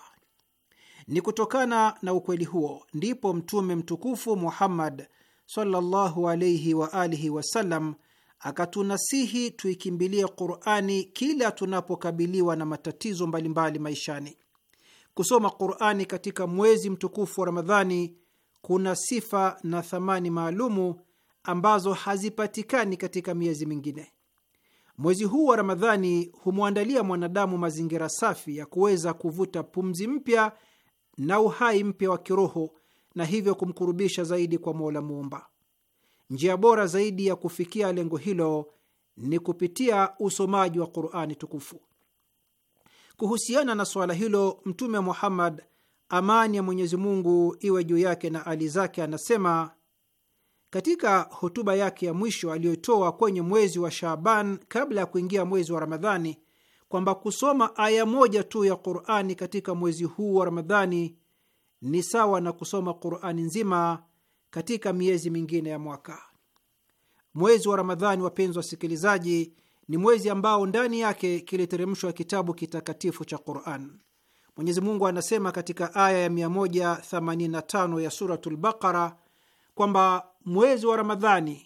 Ni kutokana na ukweli huo ndipo Mtume mtukufu Muhammad sallallahu alayhi wa alihi wasallam akatunasihi tuikimbilie Qurani kila tunapokabiliwa na matatizo mbalimbali maishani. Kusoma Qurani katika mwezi mtukufu wa Ramadhani kuna sifa na thamani maalumu ambazo hazipatikani katika miezi mingine. Mwezi huu wa Ramadhani humwandalia mwanadamu mazingira safi ya kuweza kuvuta pumzi mpya na uhai mpya wa kiroho na hivyo kumkurubisha zaidi kwa Mola Muumba. Njia bora zaidi ya kufikia lengo hilo ni kupitia usomaji wa Qurani Tukufu. Kuhusiana na suala hilo, Mtume Muhammad, amani ya Mwenyezi Mungu iwe juu yake na ali zake, anasema katika hotuba yake ya mwisho aliyotoa kwenye mwezi wa Shaaban kabla ya kuingia mwezi wa Ramadhani kwamba kusoma aya moja tu ya Qurani katika mwezi huu wa Ramadhani ni sawa na kusoma Qurani nzima katika miezi mingine ya mwaka. Mwezi wa Ramadhani, wapenzi wasikilizaji, ni mwezi ambao ndani yake kiliteremshwa kitabu kitakatifu cha Quran. Mwenyezi Mungu anasema katika aya ya 185 ya Suratul Baqara kwamba mwezi wa Ramadhani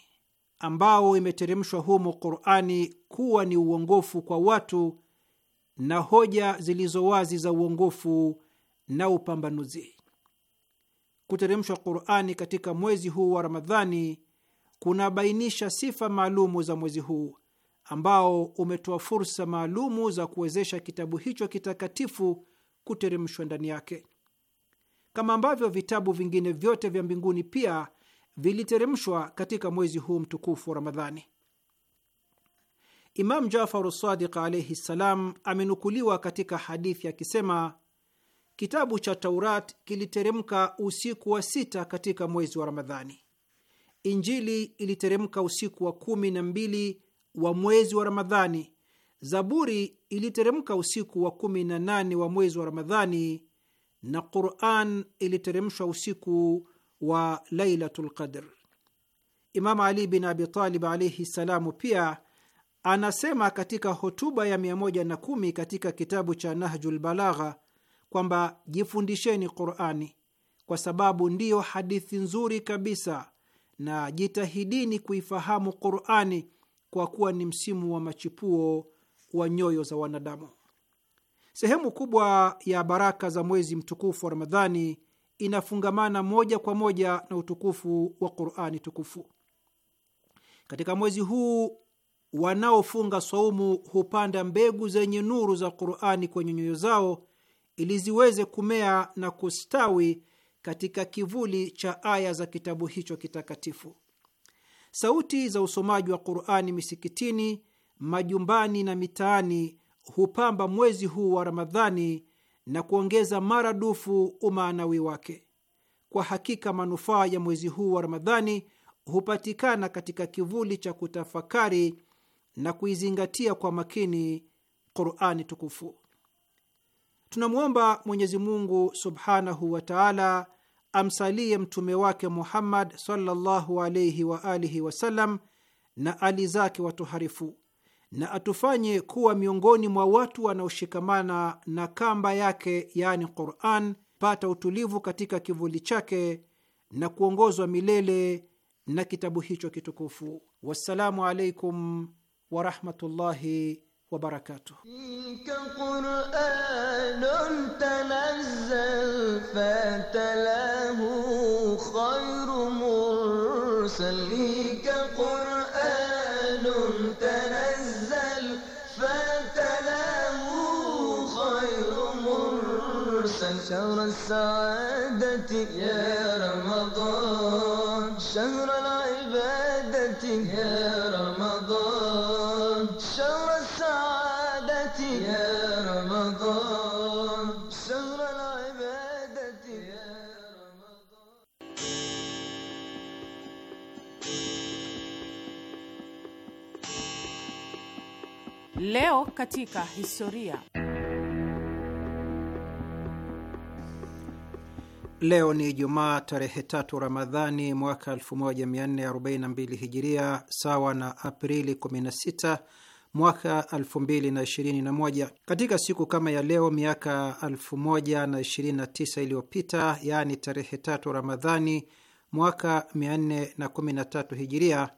ambao imeteremshwa humo Qurani kuwa ni uongofu kwa watu na hoja zilizo wazi za uongofu na upambanuzi kuteremshwa Qurani katika mwezi huu wa Ramadhani kunabainisha sifa maalumu za mwezi huu ambao umetoa fursa maalumu za kuwezesha kitabu hicho kitakatifu kuteremshwa ndani yake, kama ambavyo vitabu vingine vyote vya mbinguni pia viliteremshwa katika mwezi huu mtukufu wa Ramadhani. Imam Jafaru Sadiq alaihi ssalam amenukuliwa katika hadithi akisema kitabu cha Taurat kiliteremka usiku wa sita katika mwezi wa Ramadhani. Injili iliteremka usiku wa kumi na mbili wa mwezi wa Ramadhani. Zaburi iliteremka usiku wa kumi na nane wa mwezi wa Ramadhani, na Quran iliteremshwa usiku wa Lailatul Qadr. Imam Ali bin Abitalib alaihi ssalamu pia anasema katika hotuba ya 110 katika kitabu cha Nahjul Balagha kwamba jifundisheni Qurani kwa sababu ndiyo hadithi nzuri kabisa, na jitahidini kuifahamu Qurani kwa kuwa ni msimu wa machipuo wa nyoyo za wanadamu. Sehemu kubwa ya baraka za mwezi mtukufu wa Ramadhani inafungamana moja kwa moja na utukufu wa Qurani tukufu. Katika mwezi huu wanaofunga saumu hupanda mbegu zenye nuru za Qurani kwenye nyoyo zao ili ziweze kumea na kustawi katika kivuli cha aya za kitabu hicho kitakatifu. Sauti za usomaji wa Qurani misikitini, majumbani na mitaani hupamba mwezi huu wa Ramadhani na kuongeza maradufu umaanawi wake. Kwa hakika manufaa ya mwezi huu wa Ramadhani hupatikana katika kivuli cha kutafakari na kuizingatia kwa makini Qurani tukufu tunamwomba Mwenyezi Mungu subhanahu wa taala amsalie mtume wake Muhammad sallallahu alaihi wa alihi wasallam na ali zake watoharifu na atufanye kuwa miongoni mwa watu wanaoshikamana na kamba yake, yaani Quran, pata utulivu katika kivuli chake na kuongozwa milele na kitabu hicho kitukufu. Wassalamu alaikum warahmatullahi وبركاته قرآن تنزل فتلاه خير مرسل قرآن تنزل فتلاه خير مرسل شهر السعادة يا رمضان شهر العبادة يا Leo katika historia. Leo ni Ijumaa tarehe tatu Ramadhani mwaka 1442 Hijiria, sawa na Aprili 16 mwaka 2021. Katika siku kama ya leo miaka 1029 iliyopita, yaani tarehe tatu Ramadhani mwaka 413 Hijiria,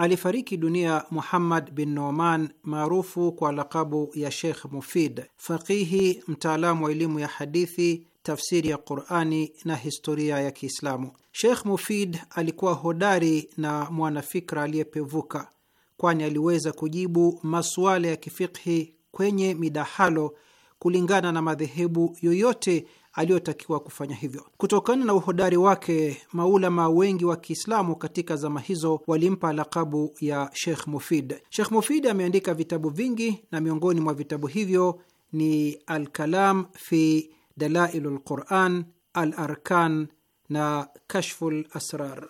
alifariki dunia Muhammad bin Noman maarufu kwa lakabu ya Sheikh Mufid, faqihi, mtaalamu wa elimu ya hadithi, tafsiri ya Qurani na historia ya Kiislamu. Sheikh Mufid alikuwa hodari na mwanafikra aliyepevuka, kwani aliweza kujibu masuala ya kifikhi kwenye midahalo kulingana na madhehebu yoyote aliyotakiwa kufanya hivyo. Kutokana na uhodari wake, maulama wengi wa Kiislamu katika zama hizo walimpa lakabu ya Shekh Mufid. Shekh Mufid ameandika vitabu vingi na miongoni mwa vitabu hivyo ni Alkalam fi Dalailu lquran, Al Arkan na Kashfu Lasrar.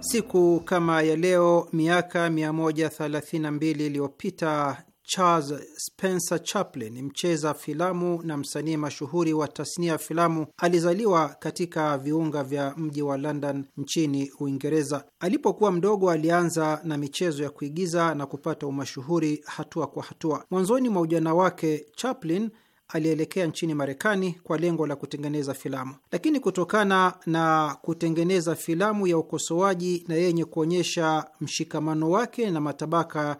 Siku kama ya leo miaka 132 iliyopita Charles Spencer Chaplin, mcheza filamu na msanii mashuhuri wa tasnia ya filamu, alizaliwa katika viunga vya mji wa London nchini Uingereza. Alipokuwa mdogo, alianza na michezo ya kuigiza na kupata umashuhuri hatua kwa hatua. Mwanzoni mwa ujana wake, Chaplin alielekea nchini Marekani kwa lengo la kutengeneza filamu, lakini kutokana na kutengeneza filamu ya ukosoaji na yenye kuonyesha mshikamano wake na matabaka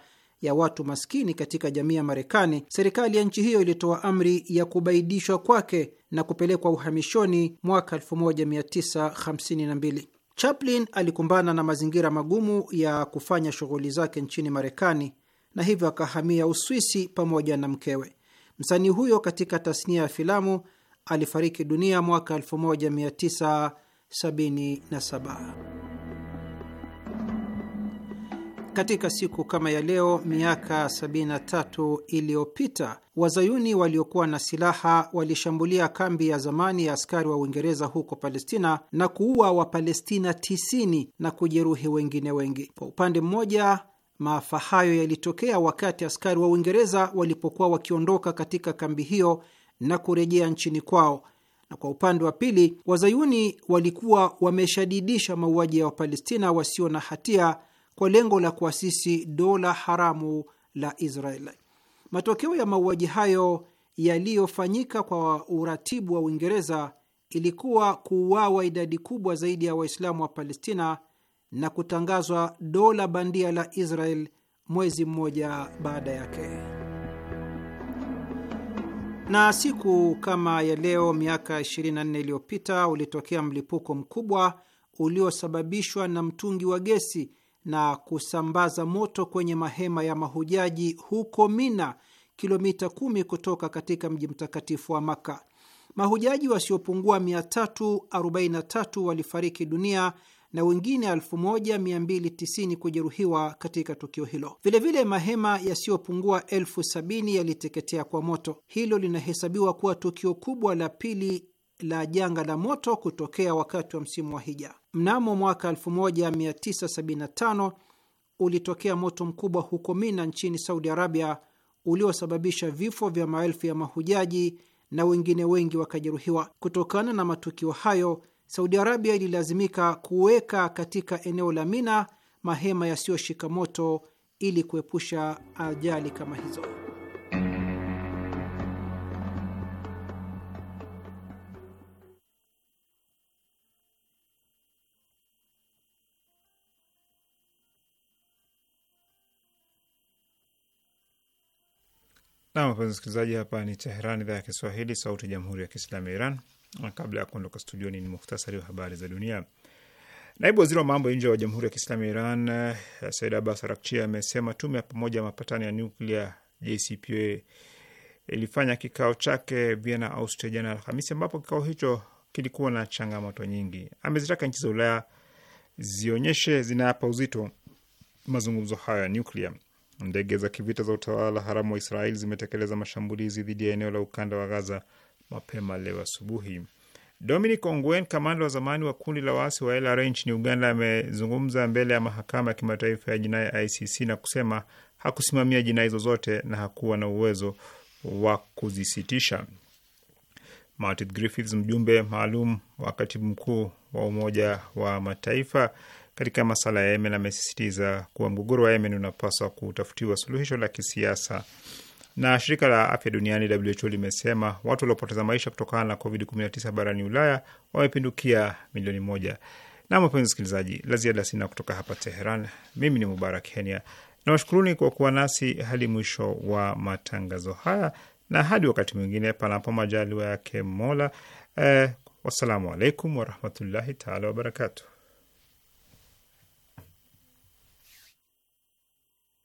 ya watu maskini katika jamii ya Marekani, serikali ya nchi hiyo ilitoa amri ya kubaidishwa kwake na kupelekwa uhamishoni mwaka 1952. Chaplin alikumbana na mazingira magumu ya kufanya shughuli zake nchini Marekani na hivyo akahamia Uswisi pamoja na mkewe. Msanii huyo katika tasnia ya filamu alifariki dunia mwaka 1977. Katika siku kama ya leo miaka 73 iliyopita wazayuni waliokuwa na silaha walishambulia kambi ya zamani ya askari wa Uingereza huko Palestina na kuua Wapalestina 90 na kujeruhi wengine wengi. Kwa upande mmoja, maafa hayo yalitokea wakati askari wa Uingereza walipokuwa wakiondoka katika kambi hiyo na kurejea nchini kwao, na kwa upande wa pili, wazayuni walikuwa wameshadidisha mauaji ya Wapalestina wasio na hatia kwa lengo la kuasisi dola haramu la israel Matokeo ya mauaji hayo yaliyofanyika kwa uratibu wa Uingereza ilikuwa kuuawa idadi kubwa zaidi ya Waislamu wa Palestina na kutangazwa dola bandia la Israel mwezi mmoja baada yake. Na siku kama ya leo miaka 24 iliyopita ulitokea mlipuko mkubwa uliosababishwa na mtungi wa gesi na kusambaza moto kwenye mahema ya mahujaji huko Mina, kilomita kumi kutoka katika mji mtakatifu wa Maka. Mahujaji wasiopungua 343 walifariki dunia na wengine 1290 kujeruhiwa katika tukio hilo. Vilevile vile mahema yasiyopungua elfu sabini yaliteketea kwa moto. Hilo linahesabiwa kuwa tukio kubwa la pili la janga la moto kutokea wakati wa msimu wa hija. Mnamo mwaka 1975 ulitokea moto mkubwa huko Mina nchini Saudi Arabia uliosababisha vifo vya maelfu ya mahujaji na wengine wengi wakajeruhiwa. Kutokana na matukio hayo, Saudi Arabia ililazimika kuweka katika eneo la Mina mahema yasiyoshika moto ili kuepusha ajali kama hizo. Nam, mpenzi msikilizaji, hapa ni Teheran, idhaa ya Kiswahili, sauti ya jamhuri ya kiislamu ya Iran. Na kabla ya kuondoka studioni, ni muhtasari wa habari za dunia. Naibu waziri wa mambo ya nje wa jamhuri ya kiislamu ya Iran eh, Said Abbas Arakchi amesema tume ya pamoja ya mapatano ya nuklia JCPOA ilifanya kikao chake Vienna, Austria jana Alhamisi, ambapo kikao hicho kilikuwa na changamoto nyingi. Amezitaka nchi za Ulaya zionyeshe zinayapa uzito mazungumzo hayo ya nuklia. Ndege za kivita za utawala haramu wa Israel zimetekeleza mashambulizi dhidi ya eneo la ukanda wa Gaza mapema leo asubuhi. Dominic Ongwen, kamanda wa zamani wa kundi la waasi wa LRA nchini Uganda, amezungumza mbele ya mahakama ya kimataifa ya jinai ICC na kusema hakusimamia jinai zozote na hakuwa na uwezo wa kuzisitisha. Martin Griffiths, mjumbe maalum wa katibu mkuu wa Umoja wa Mataifa katika masala ya Yemen amesisitiza kuwa mgogoro wa Yemen unapaswa kutafutiwa suluhisho la kisiasa na shirika la afya duniani WHO limesema watu waliopoteza maisha kutokana na COVID-19 barani Ulaya wamepindukia milioni moja. Na mpenzi msikilizaji, la ziada sina kutoka hapa Teheran. Mimi ni Mubarak Kenya, nawashukuruni kwa kuwa nasi hadi mwisho wa matangazo haya, na hadi wakati mwingine, panapo majaliwa yake Mola. Eh, wassalamu alaikum warahmatullahi taala wabarakatuh.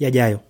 yajayo.